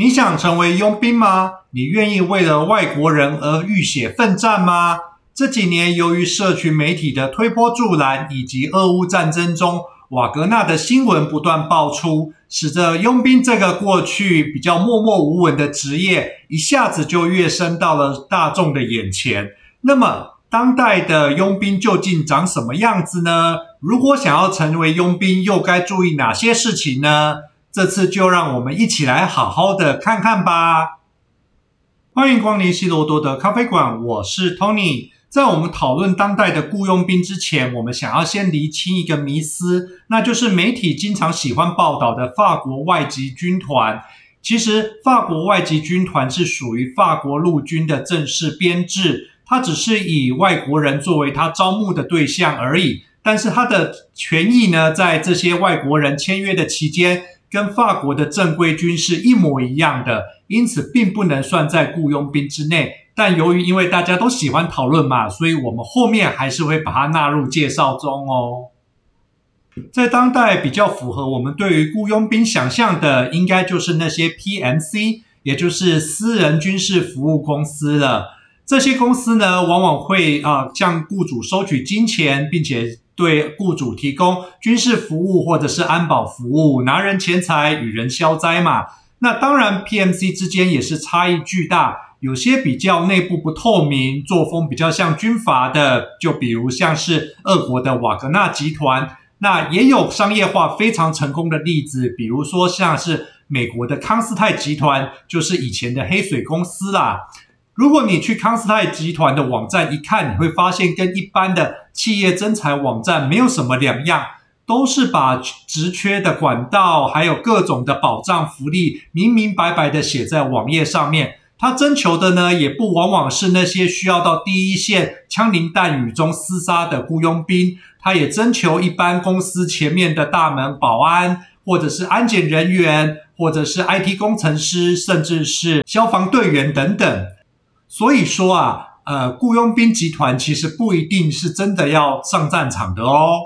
你想成為傭兵嗎？你願意為了外國人而浴血奮戰嗎？這幾年，由於社群媒體的推波助瀾，以及俄烏戰爭中瓦格納的新聞不斷爆出，使得傭兵這個過去比較默默無聞的職業，一下子就躍升到了大眾的眼前。那麼，當代的傭兵究竟長什麼樣子呢？如果想要成為傭兵，又該注意哪些事情呢？這次就讓我們一起來好好的看看吧。歡迎光臨希羅多的咖啡館，我是 Tony。在我們討論當代的雇傭兵之前，我們想要先釐清一個迷思，那就是媒體經常喜歡報道的法國外籍軍團。其實，法國外籍軍團是屬於法國陸軍的正式編制，它只是以外國人作為他招募的對象而已。但是，他的權益呢，在這些外國人簽約的期間。跟法國的正規軍是一模一樣的，因此並不能算在僱傭兵之內。但由於因為大家都喜歡討論嘛，所以我們後面還是會把它納入介紹中哦。在當代比較符合我們對於僱傭兵想象的，應該就是那些 PMC，也就是私人軍事服務公司了。這些公司呢，往往會啊、呃、向雇主收取金錢，並且對雇主提供軍事服務或者是安保服務，拿人錢財與人消災嘛。那當然，PMC 之間也是差異巨大，有些比較內部不透明，作風比較像軍閥的，就比如像是俄國的瓦格納集團。那也有商業化非常成功的例子，比如說像是美國的康斯泰集團，就是以前的黑水公司啦、啊。如果你去康斯泰集團的網站一看，你會發現跟一般的企業徵才網站沒有什麼兩樣，都是把職缺的管道還有各種的保障福利明明白白的寫在網頁上面。他徵求的呢，也不往往是那些需要到第一線槍林彈雨中廝殺的雇傭兵，他也徵求一般公司前面的大門保安，或者是安檢人員，或者是 IT 工程師，甚至是消防隊員等等。所以說啊，呃，僱傭兵集團其實不一定是真的要上戰場的哦。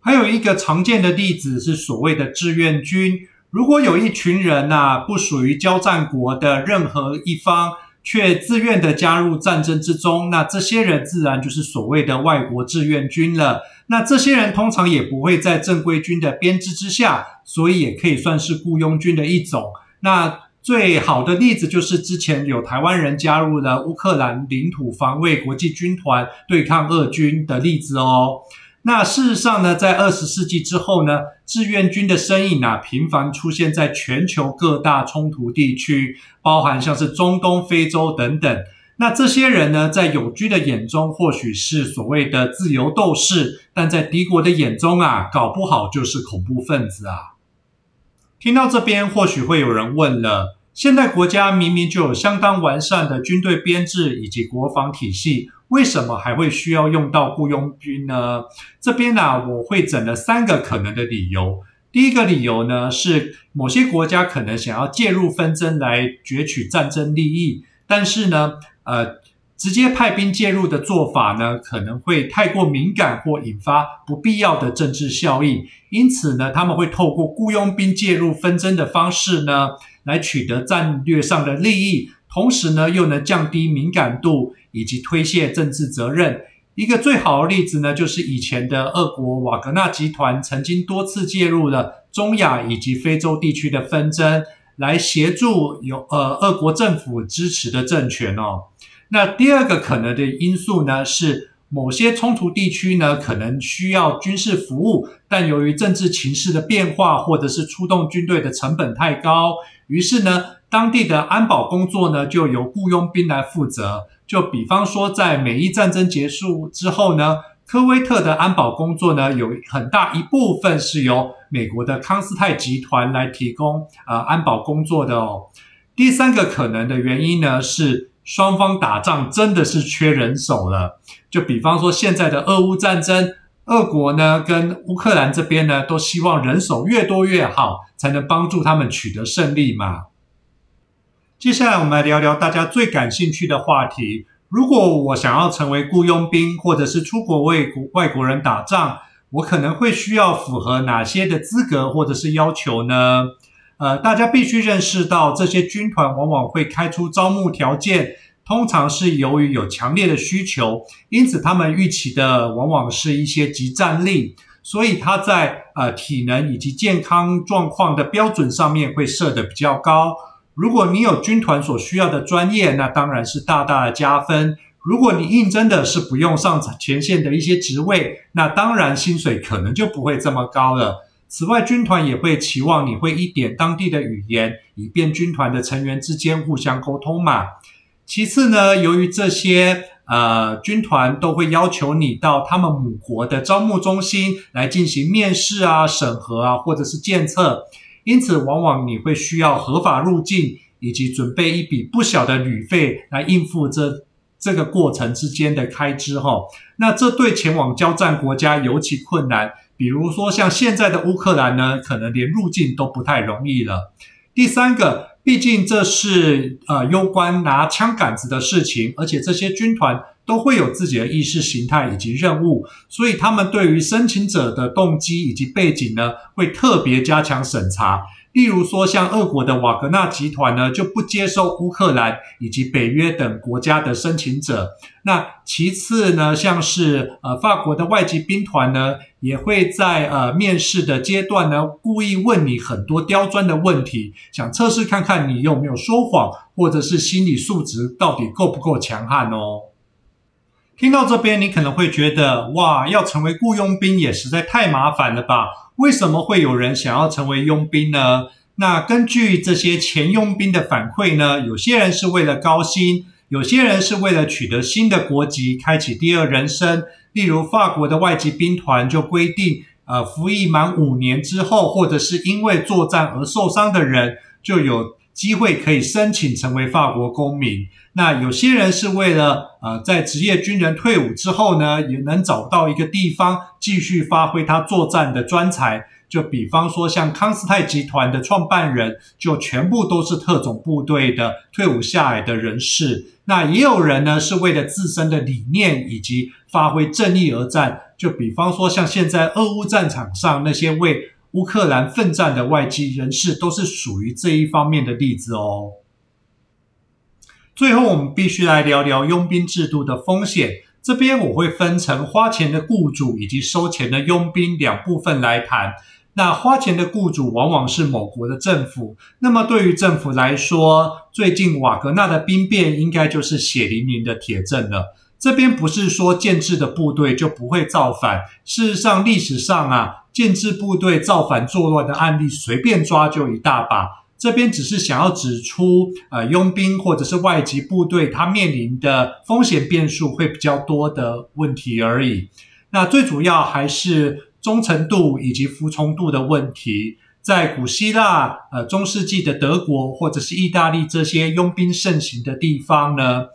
還有一個常見的例子是所謂的志願軍。如果有一群人啊，不屬於交戰國的任何一方，卻自願的加入戰爭之中，那這些人自然就是所謂的外國志願軍了。那這些人通常也不會在正規軍的編制之下，所以也可以算是僱傭軍的一種。那。最好的例子就是之前有台灣人加入了烏克蘭領土防衛國際軍團對抗俄軍的例子哦。那事實上呢，在二十世紀之後呢，志願軍的身影啊，頻繁出現在全球各大衝突地區，包含像是中東、非洲等等。那這些人呢，在友軍的眼中或許是所謂的自由鬥士，但在敵國的眼中啊，搞不好就是恐怖分子啊。聽到這邊，或許會有人問了：現在國家明明就有相當完善的軍隊編制以及國防體系，為什麼還會需要用到僱傭軍呢？這邊呢、啊，我會整了三個可能的理由。第一個理由呢，是某些國家可能想要介入紛爭來攫取戰爭利益，但是呢，呃。直接派兵介入的做法呢，可能會太過敏感或引發不必要的政治效應。因此呢，他們會透過僱傭兵介入紛爭的方式呢，來取得戰略上的利益，同時呢，又能降低敏感度以及推卸政治責任。一個最好的例子呢，就是以前的俄國瓦格納集團曾經多次介入了中亞以及非洲地區的紛爭，來協助有，呃，俄國政府支持的政權哦。那第二個可能的因素呢，是某些衝突地區呢可能需要軍事服務，但由於政治情勢的變化，或者是出動軍隊的成本太高，於是呢，當地的安保工作呢就由雇傭兵來負責。就比方說，在美伊戰爭結束之後呢，科威特的安保工作呢有很大一部分是由美國的康斯泰集團來提供呃安保工作的哦。第三個可能的原因呢是，雙方打仗真的是缺人手了。就比方說現在的俄烏戰爭，俄國呢跟烏克蘭這邊呢都希望人手越多越好，才能幫助他們取得勝利嘛。接下來我們來聊聊大家最感興趣的話題。如果我想要成為雇傭兵，或者是出國為國，外國人打仗，我可能會需要符合哪些的資格或者是要求呢？呃，大家必須認識到，這些軍團往往會開出招募條件，通常是由於有強烈的需求，因此他們預期的往往是一些即戰力，所以他在呃體能以及健康狀況的標準上面會設得比較高。如果你有軍團所需要的專業，那當然是大大的加分。如果你應徵的是不用上前線的一些職位，那當然薪水可能就不會這麼高了。此外，軍團也會期望你會一點當地的語言，以便軍團的成員之間互相溝通嘛。其次呢，由於這些呃軍團都會要求你到他們母國的招募中心來進行面試啊、審核啊，或者是檢測，因此往往你會需要合法入境，以及準備一筆不小的旅費來應付這這個過程之間的開支哈、哦。那這對前往交戰國家尤其困難。比如說，像現在的烏克蘭呢，可能連入境都不太容易了。第三個，畢竟這是呃攸關拿槍桿子的事情，而且這些軍團都會有自己的意識形態以及任務，所以他們對於申請者的動機以及背景呢，會特別加強審查。例如說，像俄國的瓦格納集團呢，就不接受烏克蘭以及北約等國家的申請者。那其次呢，像是呃法國的外籍兵團呢，也會在呃面試的階段呢，故意問你很多刁鑽的問題，想測試看看你有沒有說謊，或者是心理素質到底夠不夠強悍哦。聽到這邊，你可能會覺得哇，要成為僱傭兵也實在太麻煩了吧？為什麼會有人想要成為傭兵呢？那根據這些前傭兵的反饋呢，有些人是為了高薪，有些人是為了取得新的國籍，開啟第二人生。例如法國的外籍兵團就規定，呃，服役滿五年之後，或者是因為作戰而受傷的人就有。機會可以申請成為法國公民。那有些人是為了呃，在職業軍人退伍之後呢，也能找到一個地方繼續發揮他作戰的專才。就比方說，像康斯泰集團的創辦人，就全部都是特種部隊的退伍下來的人士。那也有人呢，是為了自身的理念以及發揮正義而戰。就比方說，像現在俄烏戰場上那些為烏克蘭奮戰的外籍人士都是屬於這一方面的例子哦。最後，我們必須來聊聊傭兵制度的風險。這邊我會分成花錢的雇主以及收錢的傭兵兩部分來談。那花錢的雇主往往是某國的政府。那麼對於政府來說，最近瓦格納的兵變應該就是血淋淋的鐵證了。這邊不是說建制的部隊就不會造反，事實上歷史上啊，建制部隊造反作亂的案例隨便抓就一大把。這邊只是想要指出，呃，傭兵或者是外籍部隊他面臨的風險變數會比較多的問題而已。那最主要還是忠誠度以及服從度的問題。在古希臘、呃，中世紀的德國或者是意大利這些傭兵盛行的地方呢，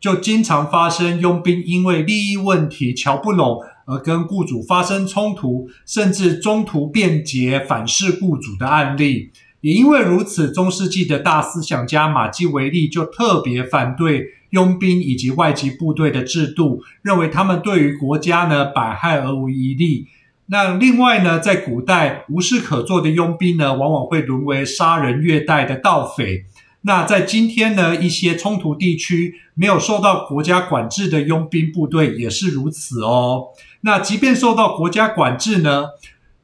就經常發生傭兵因為利益問題喬不攏而跟雇主發生衝突，甚至中途變節反噬雇主的案例。也因為如此，中世紀的大思想家馬基維利就特別反對傭兵以及外籍部隊的制度，認為他們對於國家呢百害而無一利。那另外呢，在古代無事可做的傭兵呢，往往會淪為殺人越貨的盜匪。那在今天呢，一些衝突地區沒有受到國家管制的傭兵部隊也是如此哦。那即便受到國家管制呢，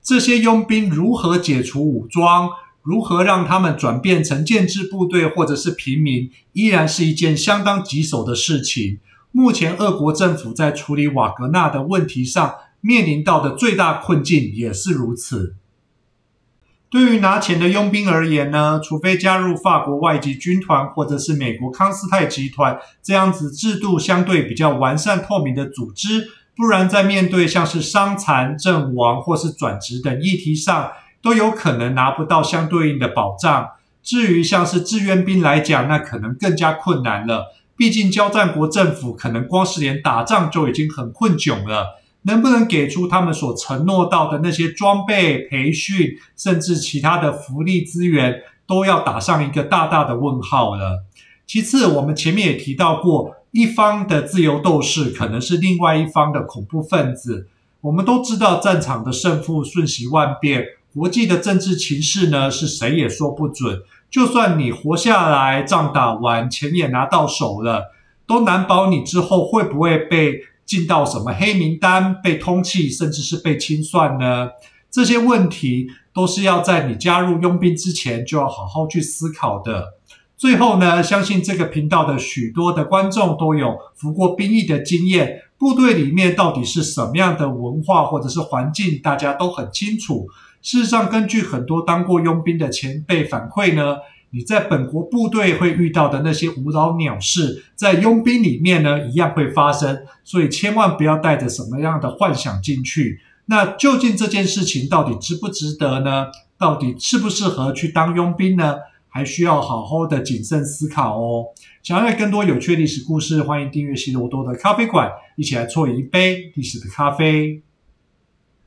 這些傭兵如何解除武裝，如何讓他們轉變成建制部隊或者是平民，依然是一件相當棘手的事情。目前，俄國政府在處理瓦格納的問題上面臨到的最大困境也是如此。對於拿錢的傭兵而言呢，除非加入法國外籍軍團或者是美國康斯泰集團這樣子制度相對比較完善透明的組織，不然在面對像是傷殘、陣亡或是轉職等議題上，都有可能拿不到相對應的保障。至於像是志願兵來講，那可能更加困難了，畢竟交戰國政府可能光是連打仗就已經很困窘了。能不能給出他們所承諾到的那些裝備、培訓，甚至其他的福利資源，都要打上一個大大的問號了。其次，我們前面也提到過，一方的自由鬥士可能是另外一方的恐怖分子。我們都知道，戰場的勝負瞬息萬變，國際的政治情勢呢，是誰也說不準。就算你活下來，仗打完，錢也拿到手了，都難保你之後會不會被……進到什麼黑名單、被通緝，甚至是被清算呢？這些問題都是要在你加入傭兵之前就要好好去思考的。最後呢，相信這個頻道的許多的觀眾都有服過兵役的經驗，部隊裡面到底是什麼樣的文化或者是環境，大家都很清楚。事實上，根據很多當過傭兵的前輩反饋呢。你在本國部隊會遇到的那些無聊鳥事，在傭兵裡面呢一樣會發生，所以千萬不要帶着什麼樣的幻想進去。那究竟這件事情到底值不值得呢？到底適不適合去當傭兵呢？還需要好好的謹慎思考哦。想要更多有趣的歷史故事，歡迎訂閱西羅多的咖啡館，一起來啜一杯歷史的咖啡。